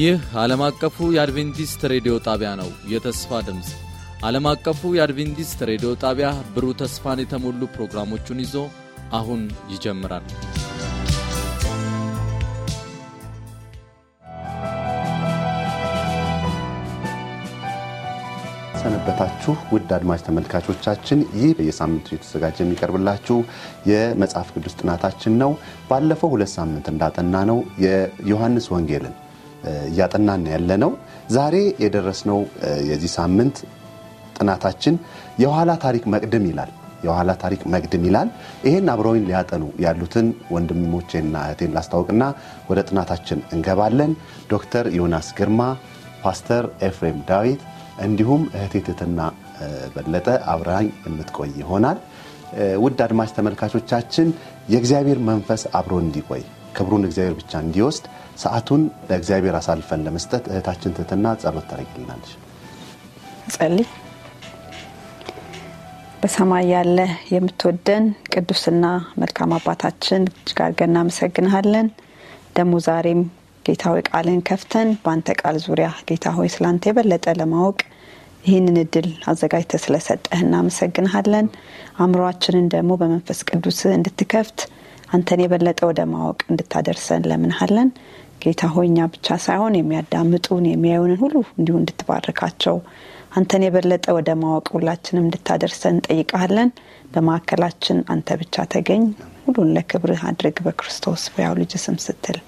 ይህ ዓለም አቀፉ የአድቬንቲስት ሬዲዮ ጣቢያ ነው። የተስፋ ድምፅ ዓለም አቀፉ የአድቬንቲስት ሬዲዮ ጣቢያ ብሩህ ተስፋን የተሞሉ ፕሮግራሞቹን ይዞ አሁን ይጀምራል። ሰነበታችሁ ውድ አድማጭ ተመልካቾቻችን፣ ይህ በየሳምንቱ የተዘጋጀ የሚቀርብላችሁ የመጽሐፍ ቅዱስ ጥናታችን ነው። ባለፈው ሁለት ሳምንት እንዳጠና ነው የዮሐንስ ወንጌልን እያጠናን ነው። ዛሬ የደረስነው የዚህ ሳምንት ጥናታችን የኋላ ታሪክ መቅድም ይላል። የኋላ ታሪክ መቅድም ይላል። ይህን አብረውን ሊያጠኑ ያሉትን ወንድሞቼና እህቴን ላስታወቅና ወደ ጥናታችን እንገባለን። ዶክተር ዮናስ ግርማ፣ ፓስተር ኤፍሬም ዳዊት እንዲሁም እህቴ ትትና በለጠ አብራኝ የምትቆይ ይሆናል። ውድ አድማጭ ተመልካቾቻችን የእግዚአብሔር መንፈስ አብሮ እንዲቆይ ክብሩን እግዚአብሔር ብቻ እንዲወስድ ሰዓቱን ለእግዚአብሔር አሳልፈን ለመስጠት እህታችን ትህትና ጸሎት ታደርግልናለች። ጸልይ። በሰማይ ያለ የምትወደን ቅዱስና መልካም አባታችን እጅግ አድርገን እናመሰግንሃለን። ደግሞ ዛሬም ጌታ ሆይ ቃልን ከፍተን በአንተ ቃል ዙሪያ ጌታ ሆይ ስላንተ የበለጠ ለማወቅ ይህንን እድል አዘጋጅተ ስለሰጠህ እናመሰግንሃለን። አእምሯችንን ደግሞ በመንፈስ ቅዱስ እንድትከፍት አንተን የበለጠ ወደ ማወቅ እንድታደርሰን ለምንሃለን። ጌታ ሆኛ ብቻ ሳይሆን የሚያዳምጡን የሚያዩንን ሁሉ እንዲሁ እንድትባርካቸው አንተን የበለጠ ወደ ማወቅ ሁላችንም እንድታደርሰን እንጠይቃለን። በማዕከላችን አንተ ብቻ ተገኝ። ሁሉን ለክብርህ አድርግ። በክርስቶስ በያው ልጅ ስም ስትል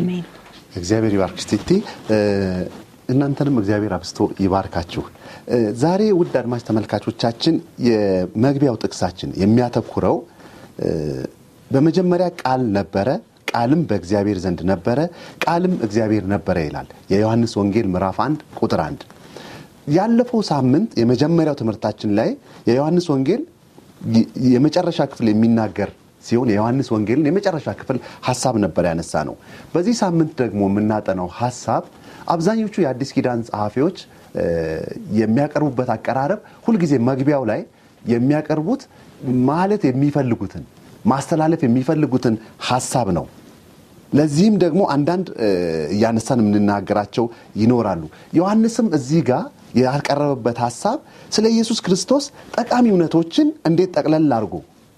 አሜን። እግዚአብሔር ይባርክሽ እናንተንም እግዚአብሔር አብስቶ ይባርካችሁ። ዛሬ ውድ አድማጭ ተመልካቾቻችን የመግቢያው ጥቅሳችን የሚያተኩረው በመጀመሪያ ቃል ነበረ፣ ቃልም በእግዚአብሔር ዘንድ ነበረ፣ ቃልም እግዚአብሔር ነበረ ይላል የዮሐንስ ወንጌል ምዕራፍ 1 ቁጥር 1። ያለፈው ሳምንት የመጀመሪያው ትምህርታችን ላይ የዮሐንስ ወንጌል የመጨረሻ ክፍል የሚናገር ሲሆን የዮሐንስ ወንጌልን የመጨረሻ ክፍል ሀሳብ ነበር ያነሳ ነው። በዚህ ሳምንት ደግሞ የምናጠነው ሀሳብ አብዛኞቹ የአዲስ ኪዳን ጸሐፊዎች የሚያቀርቡበት አቀራረብ ሁልጊዜ መግቢያው ላይ የሚያቀርቡት ማለት የሚፈልጉትን ማስተላለፍ የሚፈልጉትን ሀሳብ ነው። ለዚህም ደግሞ አንዳንድ እያነሳን የምንናገራቸው ይኖራሉ። ዮሐንስም እዚህ ጋር ያቀረበበት ሀሳብ ስለ ኢየሱስ ክርስቶስ ጠቃሚ እውነቶችን እንዴት ጠቅለል አድርጎ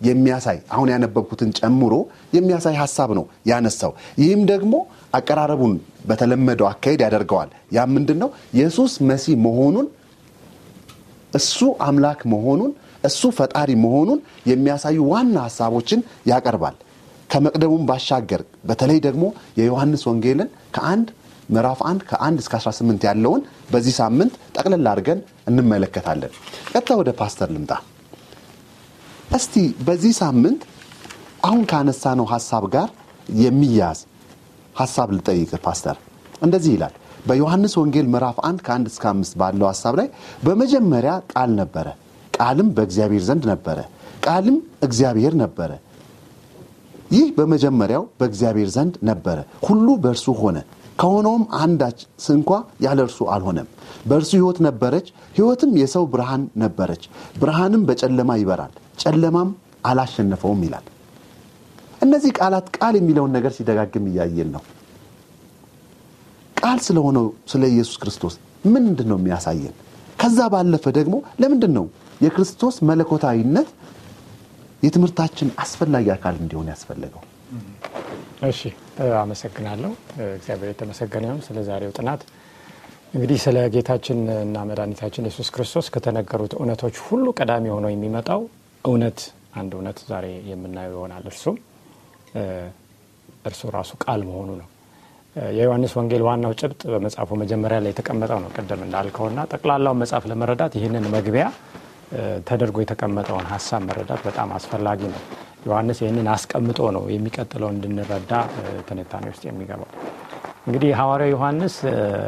የሚያሳይ አሁን ያነበብኩትን ጨምሮ የሚያሳይ ሀሳብ ነው ያነሳው። ይህም ደግሞ አቀራረቡን በተለመደው አካሄድ ያደርገዋል። ያ ምንድን ነው? ኢየሱስ መሲህ መሆኑን እሱ አምላክ መሆኑን እሱ ፈጣሪ መሆኑን የሚያሳዩ ዋና ሀሳቦችን ያቀርባል። ከመቅደሙም ባሻገር በተለይ ደግሞ የዮሐንስ ወንጌልን ከአንድ ምዕራፍ አንድ ከአንድ እስከ 18 ያለውን በዚህ ሳምንት ጠቅለል አድርገን እንመለከታለን። ቀጥታ ወደ ፓስተር ልምጣ። እስቲ በዚህ ሳምንት አሁን ካነሳነው ሀሳብ ጋር የሚያዝ ሀሳብ ልጠይቅ ፓስተር። እንደዚህ ይላል በዮሐንስ ወንጌል ምዕራፍ አንድ ከ1 እስከ 5 ባለው ሀሳብ ላይ በመጀመሪያ ቃል ነበረ፣ ቃልም በእግዚአብሔር ዘንድ ነበረ፣ ቃልም እግዚአብሔር ነበረ፣ ይህ በመጀመሪያው በእግዚአብሔር ዘንድ ነበረ፣ ሁሉ በእርሱ ሆነ፣ ከሆነውም አንዳች ስንኳ ያለ እርሱ አልሆነም። በእርሱ ህይወት ነበረች፣ ህይወትም የሰው ብርሃን ነበረች። ብርሃንም በጨለማ ይበራል፣ ጨለማም አላሸነፈውም ይላል። እነዚህ ቃላት ቃል የሚለውን ነገር ሲደጋግም እያየን ነው። ቃል ስለሆነው ስለ ኢየሱስ ክርስቶስ ምንድን ነው የሚያሳየን? ከዛ ባለፈ ደግሞ ለምንድን ነው የክርስቶስ መለኮታዊነት የትምህርታችን አስፈላጊ አካል እንዲሆን ያስፈለገው? እሺ አመሰግናለሁ። እግዚአብሔር የተመሰገነ ይሁን ስለ ዛሬው ጥናት። እንግዲህ ስለ ጌታችን እና መድኃኒታችን ኢየሱስ ክርስቶስ ከተነገሩት እውነቶች ሁሉ ቀዳሚ ሆኖ የሚመጣው እውነት አንድ እውነት ዛሬ የምናየው ይሆናል። እርሱም እርሱ ራሱ ቃል መሆኑ ነው። የዮሐንስ ወንጌል ዋናው ጭብጥ በመጽሐፉ መጀመሪያ ላይ የተቀመጠው ነው። ቅድም እንዳልከውና ጠቅላላውን መጽሐፍ ለመረዳት ይህንን መግቢያ ተደርጎ የተቀመጠውን ሀሳብ መረዳት በጣም አስፈላጊ ነው። ዮሐንስ ይህንን አስቀምጦ ነው የሚቀጥለው እንድንረዳ ትንታኔ ውስጥ የሚገባው። እንግዲህ ሐዋርያ ዮሐንስ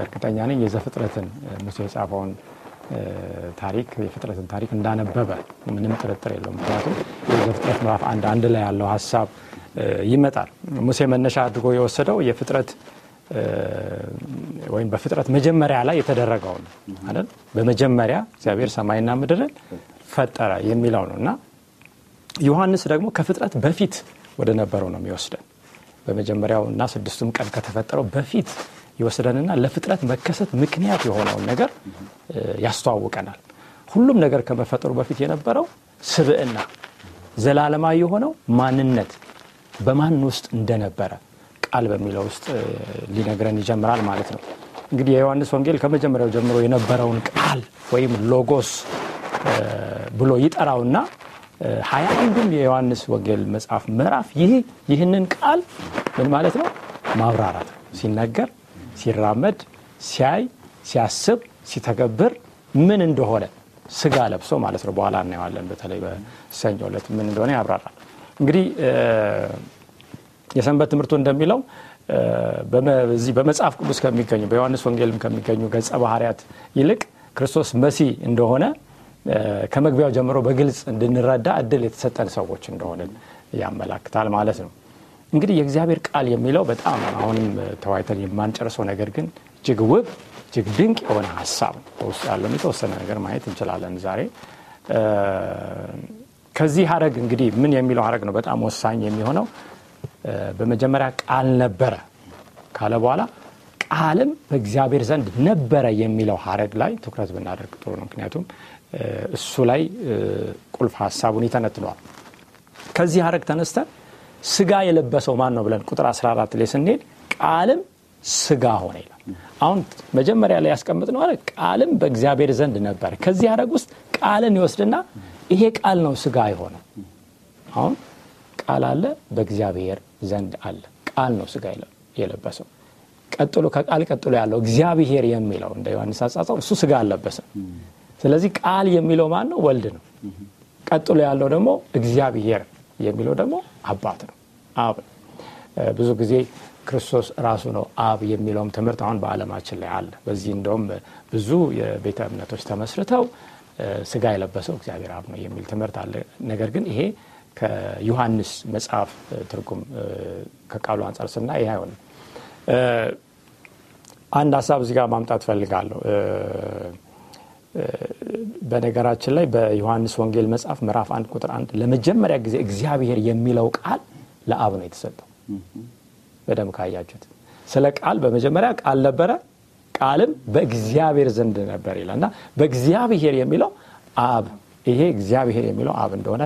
እርግጠኛ ነኝ የዘፍጥረትን ሙሴ የጻፈውን ታሪክ የፍጥረትን ታሪክ እንዳነበበ ምንም ጥርጥር የለው ምክንያቱም የዘፍጥረት ምዕራፍ አንድ አንድ ላይ ያለው ሀሳብ ይመጣል። ሙሴ መነሻ አድርጎ የወሰደው የፍጥረት ወይም በፍጥረት መጀመሪያ ላይ የተደረገው ነው አይደል? በመጀመሪያ እግዚአብሔር ሰማይና ምድርን ፈጠረ የሚለው ነው እና ዮሐንስ ደግሞ ከፍጥረት በፊት ወደ ነበረው ነው የሚወስደን። በመጀመሪያው እና ስድስቱም ቀን ከተፈጠረው በፊት ይወስደንና ለፍጥረት መከሰት ምክንያት የሆነውን ነገር ያስተዋውቀናል። ሁሉም ነገር ከመፈጠሩ በፊት የነበረው ስብዕና፣ ዘላለማዊ የሆነው ማንነት በማን ውስጥ እንደነበረ ቃል በሚለው ውስጥ ሊነግረን ይጀምራል ማለት ነው። እንግዲህ የዮሐንስ ወንጌል ከመጀመሪያው ጀምሮ የነበረውን ቃል ወይም ሎጎስ ብሎ ይጠራውና ሀያ አንዱም የዮሐንስ ወንጌል መጽሐፍ ምዕራፍ ይህ ይህንን ቃል ምን ማለት ነው ማብራራት ነው። ሲነገር፣ ሲራመድ፣ ሲያይ፣ ሲያስብ፣ ሲተገብር ምን እንደሆነ ስጋ ለብሶ ማለት ነው። በኋላ እናየዋለን። በተለይ በሰኞ ዕለት ምን እንደሆነ ያብራራል። እንግዲህ የሰንበት ትምህርቱ እንደሚለው በዚህ በመጽሐፍ ቅዱስ ከሚገኙ በዮሐንስ ወንጌልም ከሚገኙ ገጸ ባህርያት ይልቅ ክርስቶስ መሲህ እንደሆነ ከመግቢያው ጀምሮ በግልጽ እንድንረዳ እድል የተሰጠን ሰዎች እንደሆንን ያመላክታል ማለት ነው። እንግዲህ የእግዚአብሔር ቃል የሚለው በጣም አሁንም ተዋይተን የማንጨርሰው ነገር ግን እጅግ ውብ እጅግ ድንቅ የሆነ ሀሳብ በውስጥ ያለው የተወሰነ ነገር ማየት እንችላለን ዛሬ። ከዚህ ሀረግ እንግዲህ ምን የሚለው ሀረግ ነው በጣም ወሳኝ የሚሆነው በመጀመሪያ ቃል ነበረ ካለ በኋላ ቃልም በእግዚአብሔር ዘንድ ነበረ የሚለው ሀረግ ላይ ትኩረት ብናደርግ ጥሩ ነው። ምክንያቱም እሱ ላይ ቁልፍ ሀሳቡን ይተነትነዋል። ከዚህ ሀረግ ተነስተን ስጋ የለበሰው ማን ነው ብለን ቁጥር 14 ላይ ስንሄድ ቃልም ስጋ ሆነ ይላል። አሁን መጀመሪያ ላይ ያስቀምጥ ያስቀምጥነው ቃልም በእግዚአብሔር ዘንድ ነበረ። ከዚህ ሀረግ ውስጥ ቃልን ይወስድና ይሄ ቃል ነው ስጋ የሆነ አሁን ቃል አለ፣ በእግዚአብሔር ዘንድ አለ። ቃል ነው ስጋ የለበሰው። ቀጥሎ ከቃል ቀጥሎ ያለው እግዚአብሔር የሚለው እንደ ዮሐንስ አጻጻፍ እሱ ስጋ አለበሰ ስለዚህ ቃል የሚለው ማን ነው? ወልድ ነው። ቀጥሎ ያለው ደግሞ እግዚአብሔር የሚለው ደግሞ አባት ነው፣ አብ ብዙ ጊዜ ክርስቶስ ራሱ ነው አብ የሚለውም ትምህርት አሁን በአለማችን ላይ አለ። በዚህ እንደውም ብዙ የቤተ እምነቶች ተመስርተው ስጋ የለበሰው እግዚአብሔር አብ ነው የሚል ትምህርት አለ። ነገር ግን ይሄ ከዮሐንስ መጽሐፍ ትርጉም ከቃሉ አንጻር ስና ይህ አይሆንም። አንድ ሀሳብ እዚጋ ማምጣት ፈልጋለሁ። በነገራችን ላይ በዮሐንስ ወንጌል መጽሐፍ ምዕራፍ አንድ ቁጥር አንድ ለመጀመሪያ ጊዜ እግዚአብሔር የሚለው ቃል ለአብ ነው የተሰጠው። በደም ካያችሁት ስለ ቃል በመጀመሪያ ቃል ነበረ፣ ቃልም በእግዚአብሔር ዘንድ ነበር ይላል እና በእግዚአብሔር የሚለው አብ ይሄ እግዚአብሔር የሚለው አብ እንደሆነ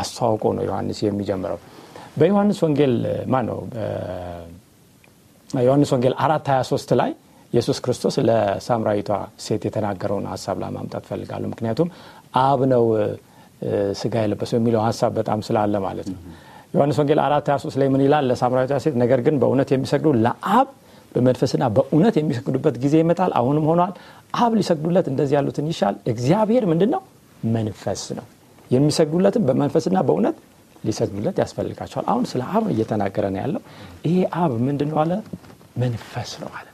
አስተዋውቆ ነው ዮሐንስ የሚጀምረው። በዮሐንስ ወንጌል ማ ነው ዮሐንስ ወንጌል አራት 23 ላይ ኢየሱስ ክርስቶስ ለሳምራዊቷ ሴት የተናገረውን ሀሳብ ለማምጣት ፈልጋሉ ምክንያቱም አብ ነው ስጋ የለበሰው የሚለው ሀሳብ በጣም ስላለ ማለት ነው። ዮሐንስ ወንጌል አራት 23 ላይ ምን ይላል? ለሳምራዊቷ ሴት ነገር ግን በእውነት የሚሰግዱ ለአብ በመንፈስና በእውነት የሚሰግዱበት ጊዜ ይመጣል፣ አሁንም ሆኗል። አብ ሊሰግዱለት እንደዚህ ያሉትን ይሻል። እግዚአብሔር ምንድን ነው? መንፈስ ነው። የሚሰግዱለትም በመንፈስና በእውነት ሊሰግዱለት ያስፈልጋቸዋል። አሁን ስለ አብ እየተናገረ ነው ያለው። ይሄ አብ ምንድን ነው አለ? መንፈስ ነው አለ።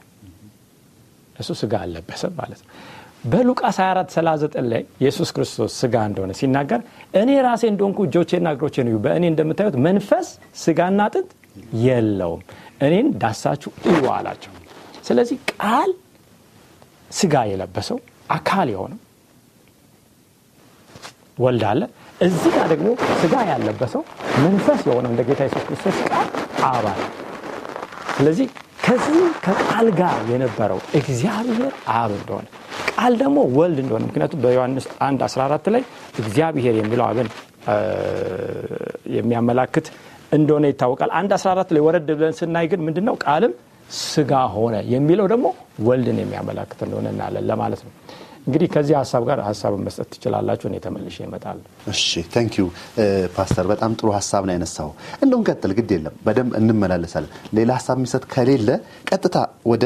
እሱ ስጋ አለበሰ ማለት ነው። በሉቃስ 24 39 ላይ ኢየሱስ ክርስቶስ ስጋ እንደሆነ ሲናገር እኔ ራሴ እንደሆንኩ እጆቼና እግሮቼ ነው በእኔ እንደምታዩት መንፈስ ስጋና አጥንት የለውም፣ እኔን ዳሳችሁ እዩ አላቸው። ስለዚህ ቃል ስጋ የለበሰው አካል የሆነው ወልድ አለ። እዚህ ጋር ደግሞ ስጋ ያለበሰው መንፈስ የሆነው እንደ ጌታ የሱስ ክርስቶስ ቃል አብ አለ። ስለዚህ ከዚህ ከቃል ጋር የነበረው እግዚአብሔር አብ እንደሆነ ቃል ደግሞ ወልድ እንደሆነ ምክንያቱም በዮሐንስ 1 14 ላይ እግዚአብሔር የሚለው አብን የሚያመላክት እንደሆነ ይታወቃል። አንድ 14 ላይ ወረድ ብለን ስናይ ግን ምንድነው ነው ቃልም ስጋ ሆነ የሚለው ደግሞ ወልድን የሚያመላክት እንደሆነ እናለን ለማለት ነው። እንግዲህ ከዚህ ሀሳብ ጋር ሀሳብን መስጠት ትችላላችሁ። እኔ ተመልሼ ይመጣል እሺ ቴንክ ዩ ፓስተር፣ በጣም ጥሩ ሀሳብ ነው ያነሳው። እንደውም ቀጥል፣ ግድ የለም በደንብ እንመላለሳለን። ሌላ ሀሳብ የሚሰጥ ከሌለ ቀጥታ ወደ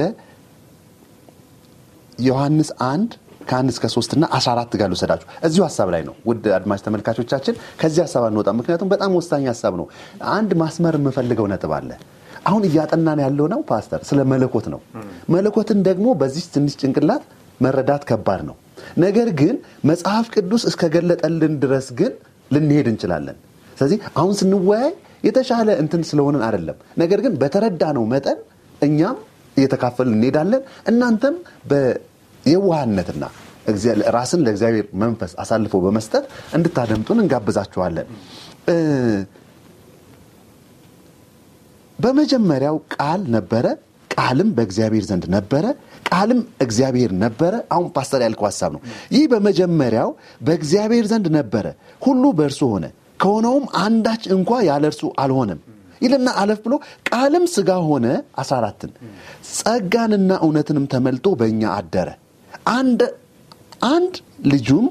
ዮሐንስ አንድ ከአንድ እስከ ሶስት እና አስራ አራት ጋር ልውሰዳችሁ። እዚሁ ሀሳብ ላይ ነው ውድ አድማጭ ተመልካቾቻችን፣ ከዚህ ሀሳብ አንወጣ ምክንያቱም በጣም ወሳኝ ሀሳብ ነው። አንድ ማስመር የምፈልገው ነጥብ አለ። አሁን እያጠናን ያለው ነው ፓስተር ስለ መለኮት ነው። መለኮትን ደግሞ በዚህ ትንሽ ጭንቅላት መረዳት ከባድ ነው። ነገር ግን መጽሐፍ ቅዱስ እስከገለጠልን ድረስ ግን ልንሄድ እንችላለን። ስለዚህ አሁን ስንወያይ የተሻለ እንትን ስለሆንን አይደለም። ነገር ግን በተረዳነው መጠን እኛም እየተካፈልን እንሄዳለን። እናንተም የዋህነትና ራስን ለእግዚአብሔር መንፈስ አሳልፎ በመስጠት እንድታደምጡን እንጋብዛችኋለን። በመጀመሪያው ቃል ነበረ፣ ቃልም በእግዚአብሔር ዘንድ ነበረ፣ ቃልም እግዚአብሔር ነበረ። አሁን ፓስተር ያልከው ሀሳብ ነው። ይህ በመጀመሪያው በእግዚአብሔር ዘንድ ነበረ፣ ሁሉ በእርሱ ሆነ፣ ከሆነውም አንዳች እንኳ ያለ እርሱ አልሆነም ይልና አለፍ ብሎ ቃልም ስጋ ሆነ። አስራ አራትን ጸጋንና እውነትንም ተመልጦ በእኛ አደረ። አንድ ልጁም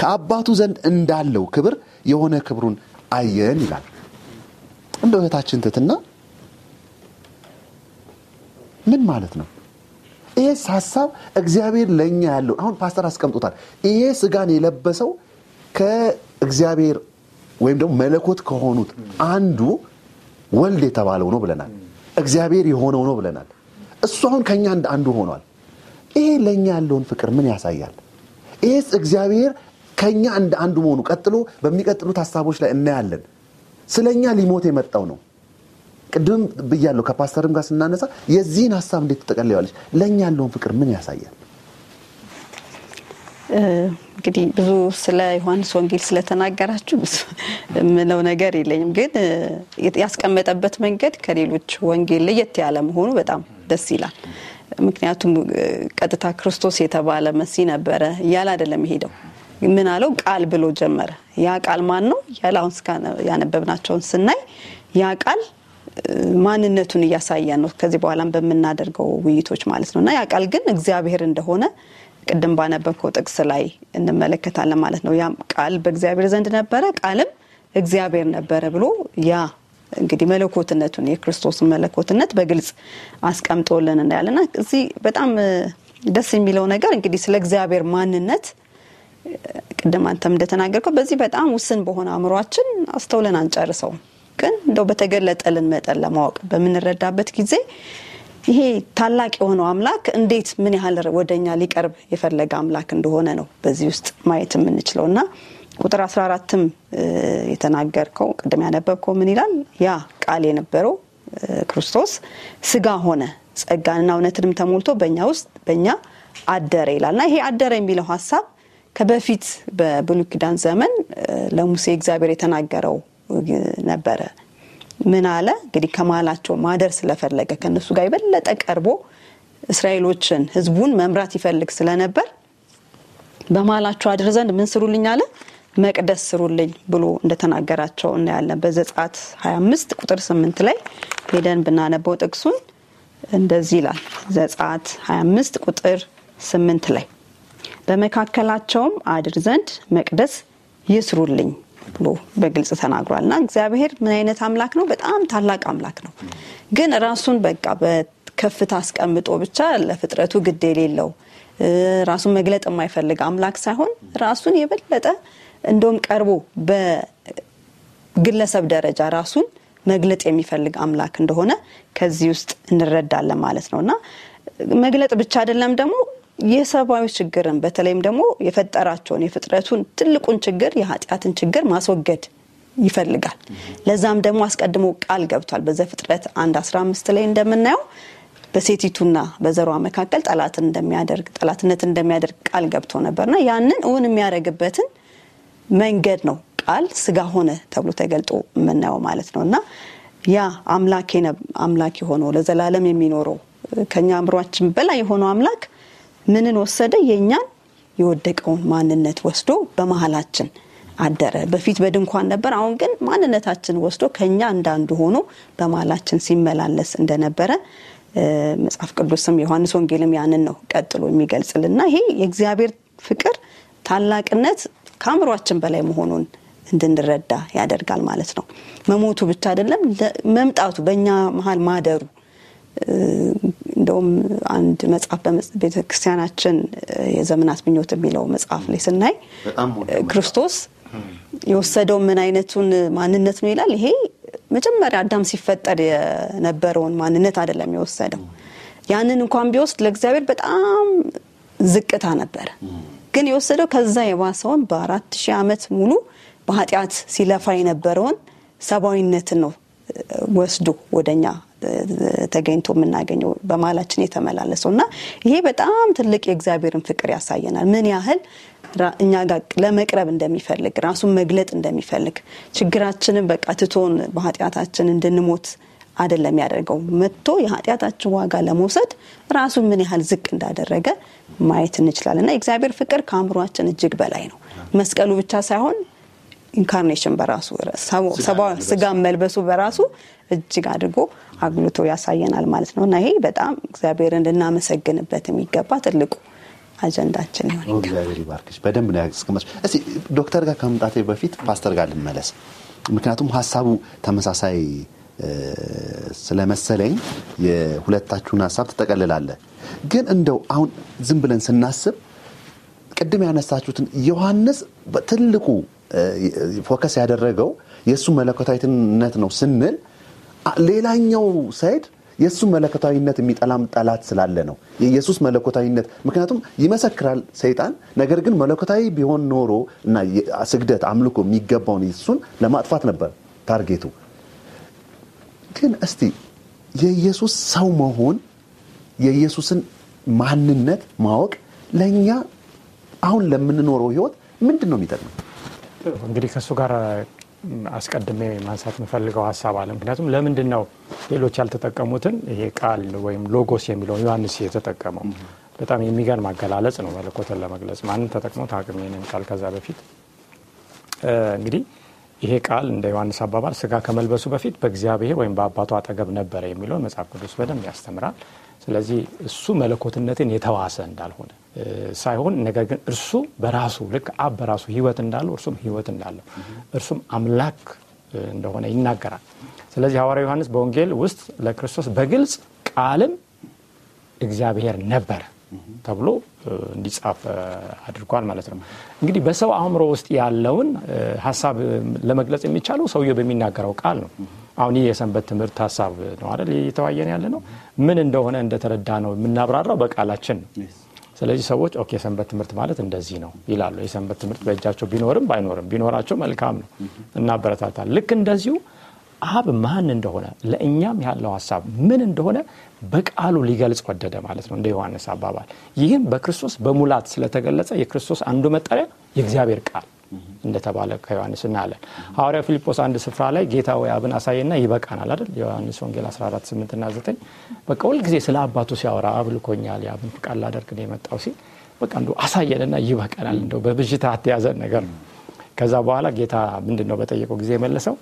ከአባቱ ዘንድ እንዳለው ክብር የሆነ ክብሩን አየን ይላል። እንደ እህታችን ትትና ምን ማለት ነው? ይሄስ ሀሳብ እግዚአብሔር ለእኛ ያለው አሁን ፓስተር አስቀምጦታል። ይሄ ስጋን የለበሰው ከእግዚአብሔር ወይም ደግሞ መለኮት ከሆኑት አንዱ ወልድ የተባለው ነው ብለናል። እግዚአብሔር የሆነው ነው ብለናል። እሱ አሁን ከእኛ አንዱ ሆኗል። ይሄ ለእኛ ያለውን ፍቅር ምን ያሳያል? ይሄስ እግዚአብሔር ከእኛ እንደ አንዱ መሆኑ ቀጥሎ በሚቀጥሉት ሀሳቦች ላይ እናያለን። ስለ እኛ ሊሞት የመጣው ነው ቅድም ብያለሁ ከፓስተርም ጋር ስናነሳ የዚህን ሀሳብ እንዴት ትጠቀለዋለች? ለእኛ ያለውን ፍቅር ምን ያሳያል? እንግዲህ ብዙ ስለ ዮሐንስ ወንጌል ስለተናገራችሁ ብዙ የምለው ነገር የለኝም፣ ግን ያስቀመጠበት መንገድ ከሌሎች ወንጌል ለየት ያለ መሆኑ በጣም ደስ ይላል። ምክንያቱም ቀጥታ ክርስቶስ የተባለ መሲህ ነበረ እያለ አይደለም ሄደው ምን አለው? ቃል ብሎ ጀመረ። ያ ቃል ማን ነው? ያላሁን ያነበብናቸውን ስናይ ያ ቃል ማንነቱን እያሳየ ነው። ከዚህ በኋላም በምናደርገው ውይይቶች ማለት ነው እና ያ ቃል ግን እግዚአብሔር እንደሆነ ቅድም ባነበብከው ጥቅስ ላይ እንመለከታለን ማለት ነው። ያም ቃል በእግዚአብሔር ዘንድ ነበረ፣ ቃልም እግዚአብሔር ነበረ ብሎ ያ እንግዲህ መለኮትነቱን የክርስቶስን መለኮትነት በግልጽ አስቀምጦልን ና እዚህ በጣም ደስ የሚለው ነገር እንግዲህ ስለ እግዚአብሔር ማንነት ቅድም አንተም እንደተናገርከው በዚህ በጣም ውስን በሆነ አእምሯችን አስተውለን አንጨርሰውም። ግን እንደው በተገለጠልን መጠን ለማወቅ በምንረዳበት ጊዜ ይሄ ታላቅ የሆነው አምላክ እንዴት ምን ያህል ወደኛ ሊቀርብ የፈለገ አምላክ እንደሆነ ነው በዚህ ውስጥ ማየት የምንችለው እና ቁጥር 14ም የተናገርከው ቅድም ያነበብከው ምን ይላል? ያ ቃል የነበረው ክርስቶስ ስጋ ሆነ ጸጋንና እውነትንም ተሞልቶ በእኛ ውስጥ በእኛ አደረ ይላል እና ይሄ አደረ የሚለው ሀሳብ ከበፊት በብሉ ኪዳን ዘመን ለሙሴ እግዚአብሔር የተናገረው ነበረ። ምን አለ እንግዲህ ከመሀላቸው ማደር ስለፈለገ ከእነሱ ጋር የበለጠ ቀርቦ እስራኤሎችን ህዝቡን መምራት ይፈልግ ስለነበር በመሀላቸው አድር ዘንድ ምን ስሩልኝ አለ መቅደስ ስሩልኝ ብሎ እንደተናገራቸው እናያለን። በዘጸአት 25 ቁጥር 8 ላይ ሄደን ብናነበው ጥቅሱን እንደዚህ ይላል። ዘጸአት 25 ቁጥር 8 ላይ በመካከላቸውም አድር ዘንድ መቅደስ ይስሩልኝ ብሎ በግልጽ ተናግሯል እና እግዚአብሔር ምን አይነት አምላክ ነው? በጣም ታላቅ አምላክ ነው። ግን ራሱን በቃ በከፍታ አስቀምጦ ብቻ ለፍጥረቱ ግድ የሌለው ራሱን መግለጥ የማይፈልግ አምላክ ሳይሆን ራሱን የበለጠ እንደውም ቀርቦ በግለሰብ ደረጃ ራሱን መግለጥ የሚፈልግ አምላክ እንደሆነ ከዚህ ውስጥ እንረዳለን ማለት ነው እና መግለጥ ብቻ አይደለም ደግሞ የሰብአዊ ችግርን በተለይም ደግሞ የፈጠራቸውን የፍጥረቱን ትልቁን ችግር የኃጢአትን ችግር ማስወገድ ይፈልጋል። ለዛም ደግሞ አስቀድሞ ቃል ገብቷል። ፍጥረት አንድ አምስት ላይ እንደምናየው በሴቲቱና በዘሯ መካከል ጠላትን እንደሚያደርግ ጠላትነት እንደሚያደርግ ቃል ገብቶ ነበርና ያንን እውን የሚያደረግበትን መንገድ ነው ቃል ስጋ ሆነ ተብሎ ተገልጦ የምናየው ማለት ነው እና ያ አምላክ አምላክ የሆነው ለዘላለም የሚኖረው ከኛ አእምሯችን በላይ የሆነው አምላክ ምንን ወሰደ? የእኛን የወደቀውን ማንነት ወስዶ በመሀላችን አደረ። በፊት በድንኳን ነበር፣ አሁን ግን ማንነታችን ወስዶ ከኛ እንዳንዱ ሆኖ በመሀላችን ሲመላለስ እንደነበረ መጽሐፍ ቅዱስም ዮሐንስ ወንጌልም ያንን ነው ቀጥሎ የሚገልጽልና ይሄ የእግዚአብሔር ፍቅር ታላቅነት ከአእምሯችን በላይ መሆኑን እንድንረዳ ያደርጋል ማለት ነው። መሞቱ ብቻ አይደለም መምጣቱ፣ በእኛ መሀል ማደሩ እንደውም አንድ መጽሐፍ ቤተክርስቲያናችን የዘመናት ምኞት የሚለው መጽሐፍ ላይ ስናይ ክርስቶስ የወሰደው ምን አይነቱን ማንነት ነው ይላል። ይሄ መጀመሪያ አዳም ሲፈጠር የነበረውን ማንነት አይደለም የወሰደው። ያንን እንኳን ቢወስድ ለእግዚአብሔር በጣም ዝቅታ ነበረ። ግን የወሰደው ከዛ የባሰውን በአራት ሺህ ዓመት ሙሉ በኃጢአት ሲለፋ የነበረውን ሰብአዊነትን ነው ወስዶ ወደኛ ተገኝቶ የምናገኘው በመሀላችን የተመላለሰው እና ይሄ በጣም ትልቅ የእግዚአብሔርን ፍቅር ያሳየናል። ምን ያህል እኛ ጋር ለመቅረብ እንደሚፈልግ ራሱን መግለጥ እንደሚፈልግ ችግራችንን በቃ ትቶን በኃጢአታችን እንድንሞት አይደለም ያደርገው መጥቶ የኃጢአታችን ዋጋ ለመውሰድ ራሱን ምን ያህል ዝቅ እንዳደረገ ማየት እንችላለን። እና የእግዚአብሔር ፍቅር ከአእምሯችን እጅግ በላይ ነው። መስቀሉ ብቻ ሳይሆን ኢንካርኔሽን በራሱ ስጋ መልበሱ በራሱ እጅግ አድርጎ አጉልቶ ያሳየናል ማለት ነው እና ይሄ በጣም እግዚአብሔርን ልናመሰግንበት የሚገባ ትልቁ አጀንዳችን ይሆን እግዚአብሔር ይባርክሽ። በደንብ ነው ዶክተር ጋር ከመምጣቴ በፊት ፓስተር ጋር ልመለስ፣ ምክንያቱም ሀሳቡ ተመሳሳይ ስለመሰለኝ የሁለታችሁን ሀሳብ ትጠቀልላለ። ግን እንደው አሁን ዝም ብለን ስናስብ ቅድም ያነሳችሁትን ዮሐንስ በትልቁ ፎከስ ያደረገው የእሱ መለኮታዊትነት ነው ስንል ሌላኛው ሳይድ የእሱ መለኮታዊነት የሚጠላም ጠላት ስላለ ነው። የኢየሱስ መለኮታዊነት ምክንያቱም ይመሰክራል ሰይጣን። ነገር ግን መለኮታዊ ቢሆን ኖሮ እና ስግደት አምልኮ የሚገባውን ኢየሱስን ለማጥፋት ነበር ታርጌቱ። ግን እስቲ የኢየሱስ ሰው መሆን የኢየሱስን ማንነት ማወቅ ለእኛ አሁን ለምንኖረው ህይወት ምንድን ነው የሚጠቅመው? እንግዲህ ከእሱ ጋር አስቀድሜ ማንሳት የምፈልገው ሀሳብ አለ። ምክንያቱም ለምንድን ነው ሌሎች ያልተጠቀሙትን ይሄ ቃል ወይም ሎጎስ የሚለውን ዮሐንስ የተጠቀመው? በጣም የሚገርም አገላለጽ ነው መለኮትን ለመግለጽ። ማንም ተጠቅመው ታቅም ቃል ከዛ በፊት እንግዲህ ይሄ ቃል እንደ ዮሐንስ አባባል ስጋ ከመልበሱ በፊት በእግዚአብሔር ወይም በአባቱ አጠገብ ነበረ የሚለውን መጽሐፍ ቅዱስ በደንብ ያስተምራል። ስለዚህ እሱ መለኮትነትን የተዋሰ እንዳልሆነ ሳይሆን ነገር ግን እርሱ በራሱ ልክ አብ በራሱ ህይወት እንዳለው እርሱም ህይወት እንዳለው እርሱም አምላክ እንደሆነ ይናገራል። ስለዚህ ሐዋርያ ዮሐንስ በወንጌል ውስጥ ለክርስቶስ በግልጽ ቃልም እግዚአብሔር ነበረ ተብሎ እንዲጻፍ አድርጓል ማለት ነው። እንግዲህ በሰው አእምሮ ውስጥ ያለውን ሀሳብ ለመግለጽ የሚቻለው ሰውየው በሚናገረው ቃል ነው። አሁን ይህ የሰንበት ትምህርት ሀሳብ ነው አይደል? እየተዋየን ያለ ነው። ምን እንደሆነ እንደተረዳ ነው የምናብራራው በቃላችን ነው። ስለዚህ ሰዎች ኦኬ የሰንበት ትምህርት ማለት እንደዚህ ነው ይላሉ። የሰንበት ትምህርት በእጃቸው ቢኖርም ባይኖርም ቢኖራቸው መልካም ነው እናበረታታል ልክ እንደዚሁ አብ ማን እንደሆነ ለእኛም ያለው ሀሳብ ምን እንደሆነ በቃሉ ሊገልጽ ወደደ ማለት ነው እንደ ዮሐንስ አባባል። ይህም በክርስቶስ በሙላት ስለተገለጸ የክርስቶስ አንዱ መጠሪያ የእግዚአብሔር ቃል እንደተባለ ከዮሐንስ እናያለን። ሐዋርያ ፊልጶስ አንድ ስፍራ ላይ ጌታ ወይ አብን አሳየና ይበቃናል አይደል? ዮሐንስ ወንጌል 14 8 ና 9 በቃ ሁልጊዜ ስለ አባቱ ሲያወራ አብ ልኮኛል፣ የአብን ፍቃድ ላደርግ ነው የመጣው ሲል በቃ እንዶ አሳየንና ይበቃናል፣ እንደው በብዥታ አትያዘን ነገር ነው። ከዛ በኋላ ጌታ ምንድን ነው በጠየቀው ጊዜ የመለሰው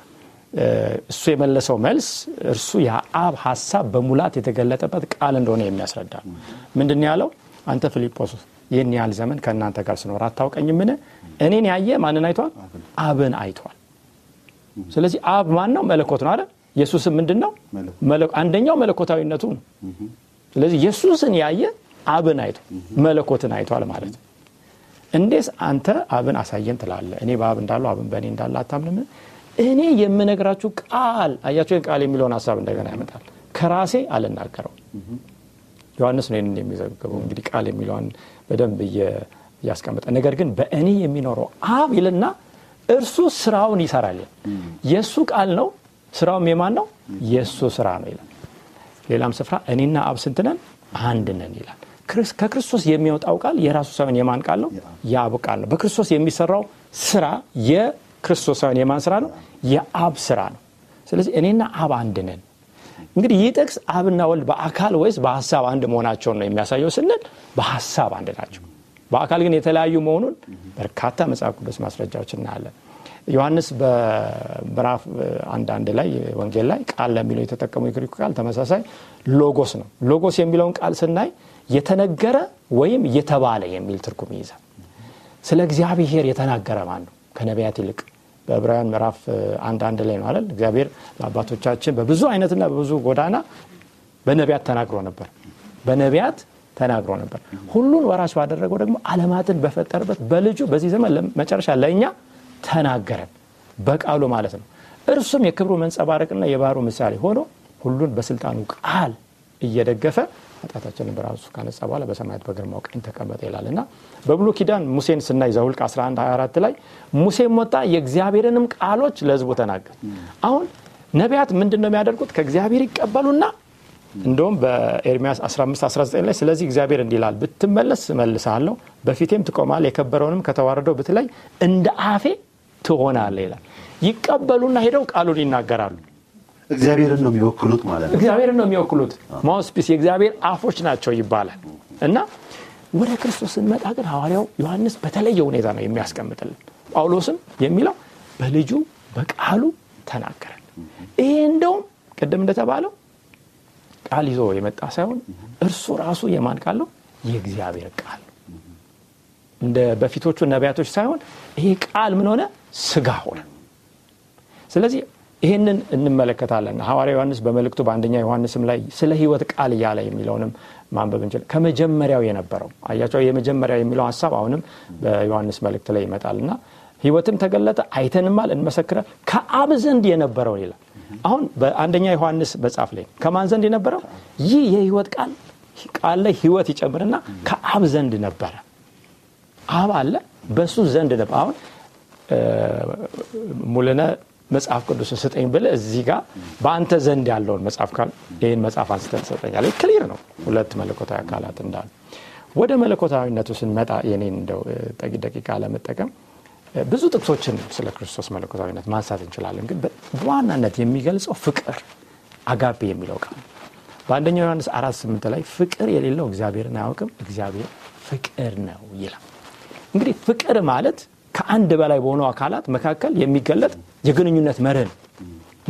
እሱ የመለሰው መልስ እርሱ የአብ ሀሳብ በሙላት የተገለጠበት ቃል እንደሆነ የሚያስረዳ ነው። ምንድን ያለው? አንተ ፊልጶስ ይህን ያህል ዘመን ከእናንተ ጋር ስኖር አታውቀኝምን? እኔን ያየ ማንን አይቷል? አብን አይቷል። ስለዚህ አብ ማን ነው? መለኮት ነው አይደል? ኢየሱስም ምንድን ነው? አንደኛው መለኮታዊነቱ ነው። ስለዚህ ኢየሱስን ያየ አብን አይቶ መለኮትን አይቷል ማለት ነው። እንዴስ አንተ አብን አሳየን ትላለ እኔ በአብ እንዳለው አብን በእኔ እንዳለ አታምንም? እኔ የምነግራችሁ ቃል ይህን ቃል የሚለውን ሀሳብ እንደገና ያመጣል ከራሴ አልናገረው ዮሐንስ ነው ይህንን የሚዘግበው እንግዲህ ቃል የሚለውን በደንብ እያስቀመጠ ነገር ግን በእኔ የሚኖረው አብ ይልና እርሱ ስራውን ይሰራል የእሱ ቃል ነው ስራውም የማን ነው የእሱ ስራ ነው ይላል ሌላም ስፍራ እኔና አብ ስንትነን አንድነን ይላል ከክርስቶስ የሚወጣው ቃል የራሱ ሳይሆን የማን ቃል ነው የአብ ቃል ነው በክርስቶስ የሚሰራው ስራ ክርስቶስ ሳይሆን የማን ስራ ነው? የአብ ስራ ነው። ስለዚህ እኔና አብ አንድ ነን። እንግዲህ ይህ ጥቅስ አብና ወልድ በአካል ወይስ በሀሳብ አንድ መሆናቸውን ነው የሚያሳየው ስንል በሀሳብ አንድ ናቸው። በአካል ግን የተለያዩ መሆኑን በርካታ መጽሐፍ ቅዱስ ማስረጃዎች እናያለን። ዮሐንስ በምራፍ አንድ አንድ ላይ ወንጌል ላይ ቃል ለሚለው የተጠቀሙ የግሪኩ ቃል ተመሳሳይ ሎጎስ ነው። ሎጎስ የሚለውን ቃል ስናይ የተነገረ ወይም የተባለ የሚል ትርጉም ይይዛል። ስለ እግዚአብሔር የተናገረ ማን ነው? ከነቢያት ይልቅ በዕብራውያን ምዕራፍ አንድ አንድ ላይ አይደል እግዚአብሔር ለአባቶቻችን በብዙ አይነትና በብዙ ጎዳና በነቢያት ተናግሮ ነበር በነቢያት ተናግሮ ነበር። ሁሉን ወራሽ ባደረገው ደግሞ አለማትን በፈጠርበት በልጁ በዚህ ዘመን መጨረሻ ለእኛ ተናገረን በቃሉ ማለት ነው። እርሱም የክብሩ መንጸባረቅና የባህሩ ምሳሌ ሆኖ ሁሉን በስልጣኑ ቃል እየደገፈ ኃጢአታችንን በራሱ ካነጻ በኋላ በሰማያት በግርማው ቀኝ ተቀመጠ ይላል እና ኪዳን ሙሴን ስናይ ዘውልቅ 11 24 ላይ ሙሴን ወጣ የእግዚአብሔርንም ቃሎች ለህዝቡ ተናገር። አሁን ነቢያት ምንድን ነው የሚያደርጉት? ከእግዚአብሔር ይቀበሉና እንደውም በኤርሚያስ 15 19 ላይ ስለዚህ እግዚአብሔር እንዲላል ይላል ብትመለስ እመልስሃለሁ፣ በፊቴም ትቆማል፣ የከበረውንም ከተዋረደው ብትለይ እንደ አፌ ትሆናለህ ይላል። ይቀበሉና ሄደው ቃሉን ይናገራሉ። እግዚአብሔርን ነው የሚወክሉት ማለት ነው። እግዚአብሔርን ነው የሚወክሉት ማውስፒስ የእግዚአብሔር አፎች ናቸው ይባላል እና ወደ ክርስቶስ ስንመጣ ግን ሐዋርያው ዮሐንስ በተለየ ሁኔታ ነው የሚያስቀምጥልን። ጳውሎስም የሚለው በልጁ በቃሉ ተናገረን። ይሄ እንደውም ቅድም እንደተባለው ቃል ይዞ የመጣ ሳይሆን እርሱ ራሱ የማን የእግዚአብሔር ቃል እንደ በፊቶቹ ነቢያቶች ሳይሆን ይሄ ቃል ምን ሆነ? ስጋ ሆነ። ስለዚህ ይህንን እንመለከታለን። ሐዋርያ ዮሐንስ በመልእክቱ በአንደኛ ዮሐንስም ላይ ስለ ህይወት ቃል እያለ የሚለውንም ማንበብ እንችል። ከመጀመሪያው የነበረው አያቸው የመጀመሪያው የሚለው ሀሳብ አሁንም በዮሐንስ መልእክት ላይ ይመጣልና ህይወትም ተገለጠ አይተንማል፣ እንመሰክረ ከአብ ዘንድ የነበረው ይላል። አሁን በአንደኛ ዮሐንስ መጻፍ ላይ ከማን ዘንድ የነበረው ይህ የህይወት ቃል ቃል ላይ ህይወት ይጨምርና ከአብ ዘንድ ነበረ። አብ አለ፣ በሱ ዘንድ ነበር። አሁን ሙልነ መጽሐፍ ቅዱስን ስጠኝ ብል እዚህ ጋር በአንተ ዘንድ ያለውን መጽሐፍ ካል ይህን መጽሐፍ አንስተህ ትሰጠኛለህ። ክሊር ነው፣ ሁለት መለኮታዊ አካላት እንዳሉ። ወደ መለኮታዊነቱ ስንመጣ የኔን እንደው ጠቂ ደቂቃ ለመጠቀም ብዙ ጥቅሶችን ስለ ክርስቶስ መለኮታዊነት ማንሳት እንችላለን፣ ግን በዋናነት የሚገልጸው ፍቅር አጋቢ የሚለው ቃል በአንደኛው ዮሐንስ አራት ስምንት ላይ ፍቅር የሌለው እግዚአብሔርን አያውቅም፣ እግዚአብሔር ፍቅር ነው ይላል። እንግዲህ ፍቅር ማለት ከአንድ በላይ በሆኑ አካላት መካከል የሚገለጥ የግንኙነት መርህን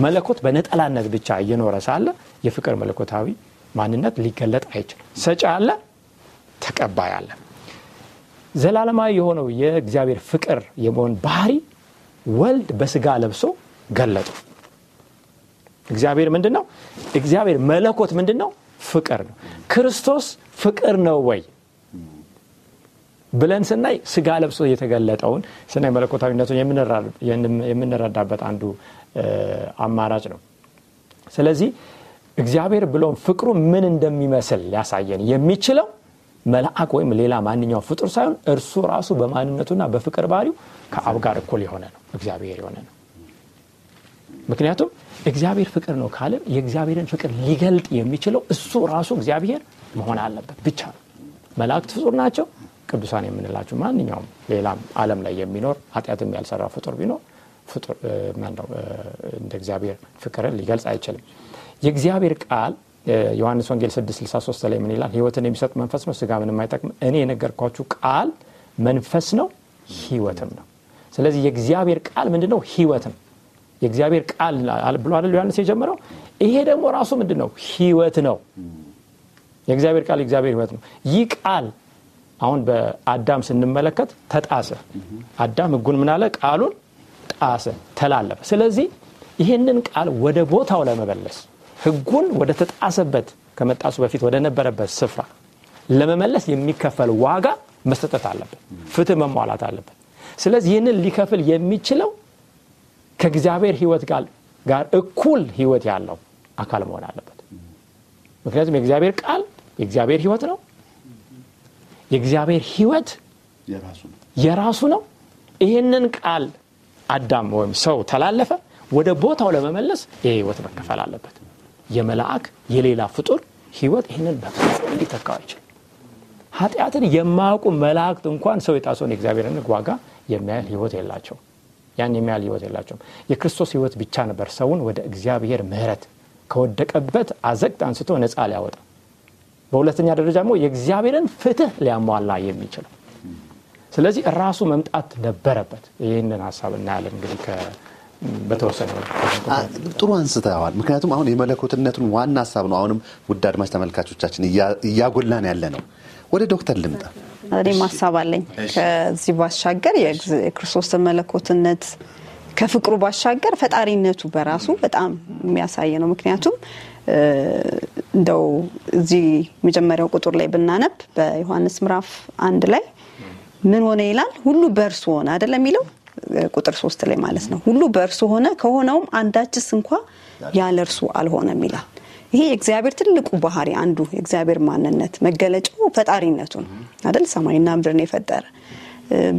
መለኮት በነጠላነት ብቻ እየኖረ ሳለ የፍቅር መለኮታዊ ማንነት ሊገለጥ አይችል ሰጪ አለ፣ ተቀባይ አለ። ዘላለማዊ የሆነው የእግዚአብሔር ፍቅር የመሆን ባህሪ ወልድ በስጋ ለብሶ ገለጡ። እግዚአብሔር ምንድን ነው? እግዚአብሔር መለኮት ምንድን ነው? ፍቅር ነው። ክርስቶስ ፍቅር ነው ወይ ብለን ስናይ ስጋ ለብሶ የተገለጠውን ስናይ መለኮታዊነቱን የምንረዳበት አንዱ አማራጭ ነው። ስለዚህ እግዚአብሔር ብሎም ፍቅሩ ምን እንደሚመስል ሊያሳየን የሚችለው መልአክ ወይም ሌላ ማንኛው ፍጡር ሳይሆን እርሱ ራሱ በማንነቱና በፍቅር ባሪው ከአብ ጋር እኩል የሆነ ነው፣ እግዚአብሔር የሆነ ነው። ምክንያቱም እግዚአብሔር ፍቅር ነው ካልን የእግዚአብሔርን ፍቅር ሊገልጥ የሚችለው እሱ ራሱ እግዚአብሔር መሆን አለበት ብቻ ነው። መላእክት ፍጡር ናቸው። ቅዱሳን የምንላቸው ማንኛውም ሌላም አለም ላይ የሚኖር ኃጢአትም ያልሰራ ፍጡር ቢኖር ፍጡር ነው፣ እንደ እግዚአብሔር ፍቅርን ሊገልጽ አይችልም። የእግዚአብሔር ቃል ዮሐንስ ወንጌል 663 ላይ ምን ይላል? ህይወትን የሚሰጥ መንፈስ ነው፣ ስጋ ምንም አይጠቅም። እኔ የነገርኳችሁ ቃል መንፈስ ነው፣ ህይወትም ነው። ስለዚህ የእግዚአብሔር ቃል ምንድ ነው? ህይወት ነው። የእግዚአብሔር ቃል ብሎ አይደል ዮሐንስ የጀመረው? ይሄ ደግሞ ራሱ ምንድ ነው? ህይወት ነው። የእግዚአብሔር ቃል የእግዚአብሔር ህይወት ነው። ይህ ቃል አሁን በአዳም ስንመለከት ተጣሰ። አዳም ህጉን ምናለ ቃሉን ጣሰ፣ ተላለፈ። ስለዚህ ይህንን ቃል ወደ ቦታው ለመመለስ ህጉን ወደ ተጣሰበት ከመጣሱ በፊት ወደ ነበረበት ስፍራ ለመመለስ የሚከፈል ዋጋ መሰጠት አለበት። ፍትህ መሟላት አለበት። ስለዚህ ይህንን ሊከፍል የሚችለው ከእግዚአብሔር ህይወት ጋር እኩል ህይወት ያለው አካል መሆን አለበት። ምክንያቱም የእግዚአብሔር ቃል የእግዚአብሔር ህይወት ነው። የእግዚአብሔር ህይወት የራሱ ነው ይህንን ቃል አዳም ወይም ሰው ተላለፈ ወደ ቦታው ለመመለስ የህይወት መከፈል አለበት የመላእክ የሌላ ፍጡር ህይወት ይህንን በፍጹም ሊተካው አይችል ኃጢአትን የማያውቁ መላእክት እንኳን ሰው የጣሰውን የእግዚአብሔርን ዋጋ የሚያል ህይወት የላቸው ያን የሚያል ህይወት የላቸውም የክርስቶስ ህይወት ብቻ ነበር ሰውን ወደ እግዚአብሔር ምህረት ከወደቀበት አዘግት አንስቶ ነፃ ሊያወጣ በሁለተኛ ደረጃ ደግሞ የእግዚአብሔርን ፍትህ ሊያሟላ የሚችል ስለዚህ ራሱ መምጣት ነበረበት። ይህንን ሀሳብ እናያለን እንግዲህ በተወሰነ ጥሩ አንስተዋል። ምክንያቱም አሁን የመለኮትነቱን ዋና ሀሳብ ነው አሁንም ውድ አድማጭ ተመልካቾቻችን እያጎላን ያለ ነው። ወደ ዶክተር ልምጣ። እኔም ሀሳብ አለኝ። ከዚህ ባሻገር የክርስቶስ መለኮትነት ከፍቅሩ ባሻገር ፈጣሪነቱ በራሱ በጣም የሚያሳይ ነው። ምክንያቱም እንደው እዚህ መጀመሪያው ቁጥር ላይ ብናነብ በዮሐንስ ምራፍ አንድ ላይ ምን ሆነ ይላል? ሁሉ በእርሱ ሆነ አደለ የሚለው ቁጥር ሶስት ላይ ማለት ነው። ሁሉ በእርሱ ሆነ ከሆነውም አንዳችስ እንኳ ያለ እርሱ አልሆነም ይላል። ይሄ የእግዚአብሔር ትልቁ ባህሪ፣ አንዱ የእግዚአብሔር ማንነት መገለጫው ፈጣሪነቱ ነው አደል ሰማይና ምድርን የፈጠረ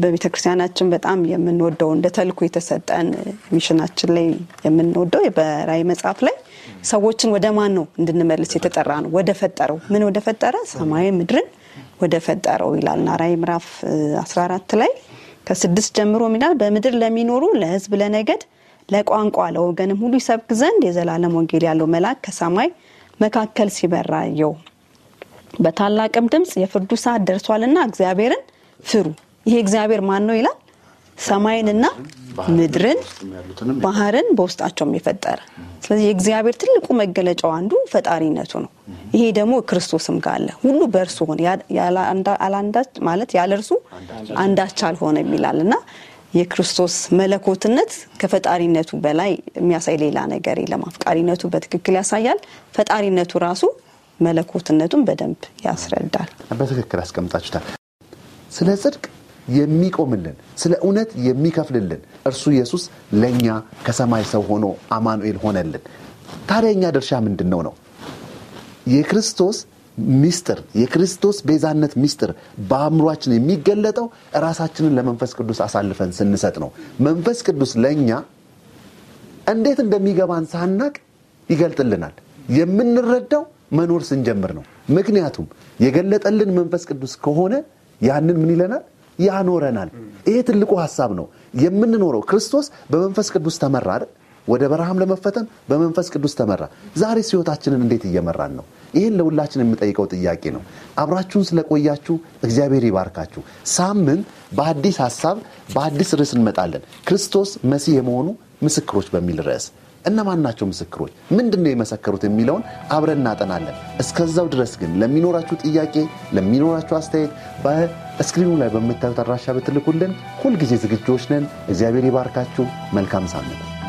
በቤተ ክርስቲያናችን በጣም የምንወደው እንደ የተሰጠን ሚሽናችን ላይ የምንወደው በራይ መጽሐፍ ላይ ሰዎችን ወደ ማን ነው እንድንመልስ የተጠራ ነው? ወደ ፈጠረው። ምን ወደ ፈጠረ? ሰማያዊ ምድርን ወደ ፈጠረው ይላል ናራይ ምራፍ 14 ላይ ከስድስት ጀምሮ ሚላል በምድር ለሚኖሩ ለህዝብ ለነገድ፣ ለቋንቋ፣ ለወገንም ሁሉ ይሰብክ ዘንድ የዘላለም ወንጌል ያለው መልአክ ከሰማይ መካከል ሲበራየው በታላቅም ድምፅ የፍርዱ ሰዓት ደርሷልና እግዚአብሔርን ፍሩ። ይሄ እግዚአብሔር ማን ነው ይላል ሰማይንና ምድርን ባህርን በውስጣቸውም የፈጠረ። ስለዚህ የእግዚአብሔር ትልቁ መገለጫው አንዱ ፈጣሪነቱ ነው። ይሄ ደግሞ ክርስቶስም ጋለ ሁሉ በእርሱ ሆነ አላንዳች ማለት ያለ እርሱ አንዳች አልሆነ የሚላል እና የክርስቶስ መለኮትነት ከፈጣሪነቱ በላይ የሚያሳይ ሌላ ነገር የለም። አፍቃሪነቱ በትክክል ያሳያል። ፈጣሪነቱ ራሱ መለኮትነቱን በደንብ ያስረዳል። በትክክል አስቀምጣችታል ስለ ጽድቅ የሚቆምልን ስለ እውነት የሚከፍልልን እርሱ ኢየሱስ ለእኛ ከሰማይ ሰው ሆኖ አማኑኤል ሆነልን። ታዲያ እኛ ድርሻ ምንድን ነው ነው የክርስቶስ ሚስጥር የክርስቶስ ቤዛነት ሚስጥር በአእምሯችን የሚገለጠው ራሳችንን ለመንፈስ ቅዱስ አሳልፈን ስንሰጥ ነው። መንፈስ ቅዱስ ለእኛ እንዴት እንደሚገባን ሳናቅ ይገልጥልናል። የምንረዳው መኖር ስንጀምር ነው። ምክንያቱም የገለጠልን መንፈስ ቅዱስ ከሆነ ያንን ምን ይለናል? ያኖረናል። ይሄ ትልቁ ሀሳብ ነው። የምንኖረው ክርስቶስ በመንፈስ ቅዱስ ተመራ አይደል? ወደ በረሃም ለመፈተን በመንፈስ ቅዱስ ተመራ። ዛሬ ሲወታችንን እንዴት እየመራን ነው? ይህን ለሁላችን የምጠይቀው ጥያቄ ነው። አብራችሁን ስለቆያችሁ እግዚአብሔር ይባርካችሁ። ሳምንት በአዲስ ሀሳብ በአዲስ ርዕስ እንመጣለን። ክርስቶስ መሲህ የመሆኑ ምስክሮች በሚል ርዕስ እነማን ናቸው ምስክሮች? ምንድን ነው የመሰከሩት የሚለውን አብረን እናጠናለን። እስከዛው ድረስ ግን ለሚኖራችሁ ጥያቄ፣ ለሚኖራችሁ አስተያየት በስክሪኑ ላይ በምታዩት አድራሻ ብትልኩልን ሁልጊዜ ዝግጆች ነን። እግዚአብሔር ይባርካችሁ። መልካም ሳምንት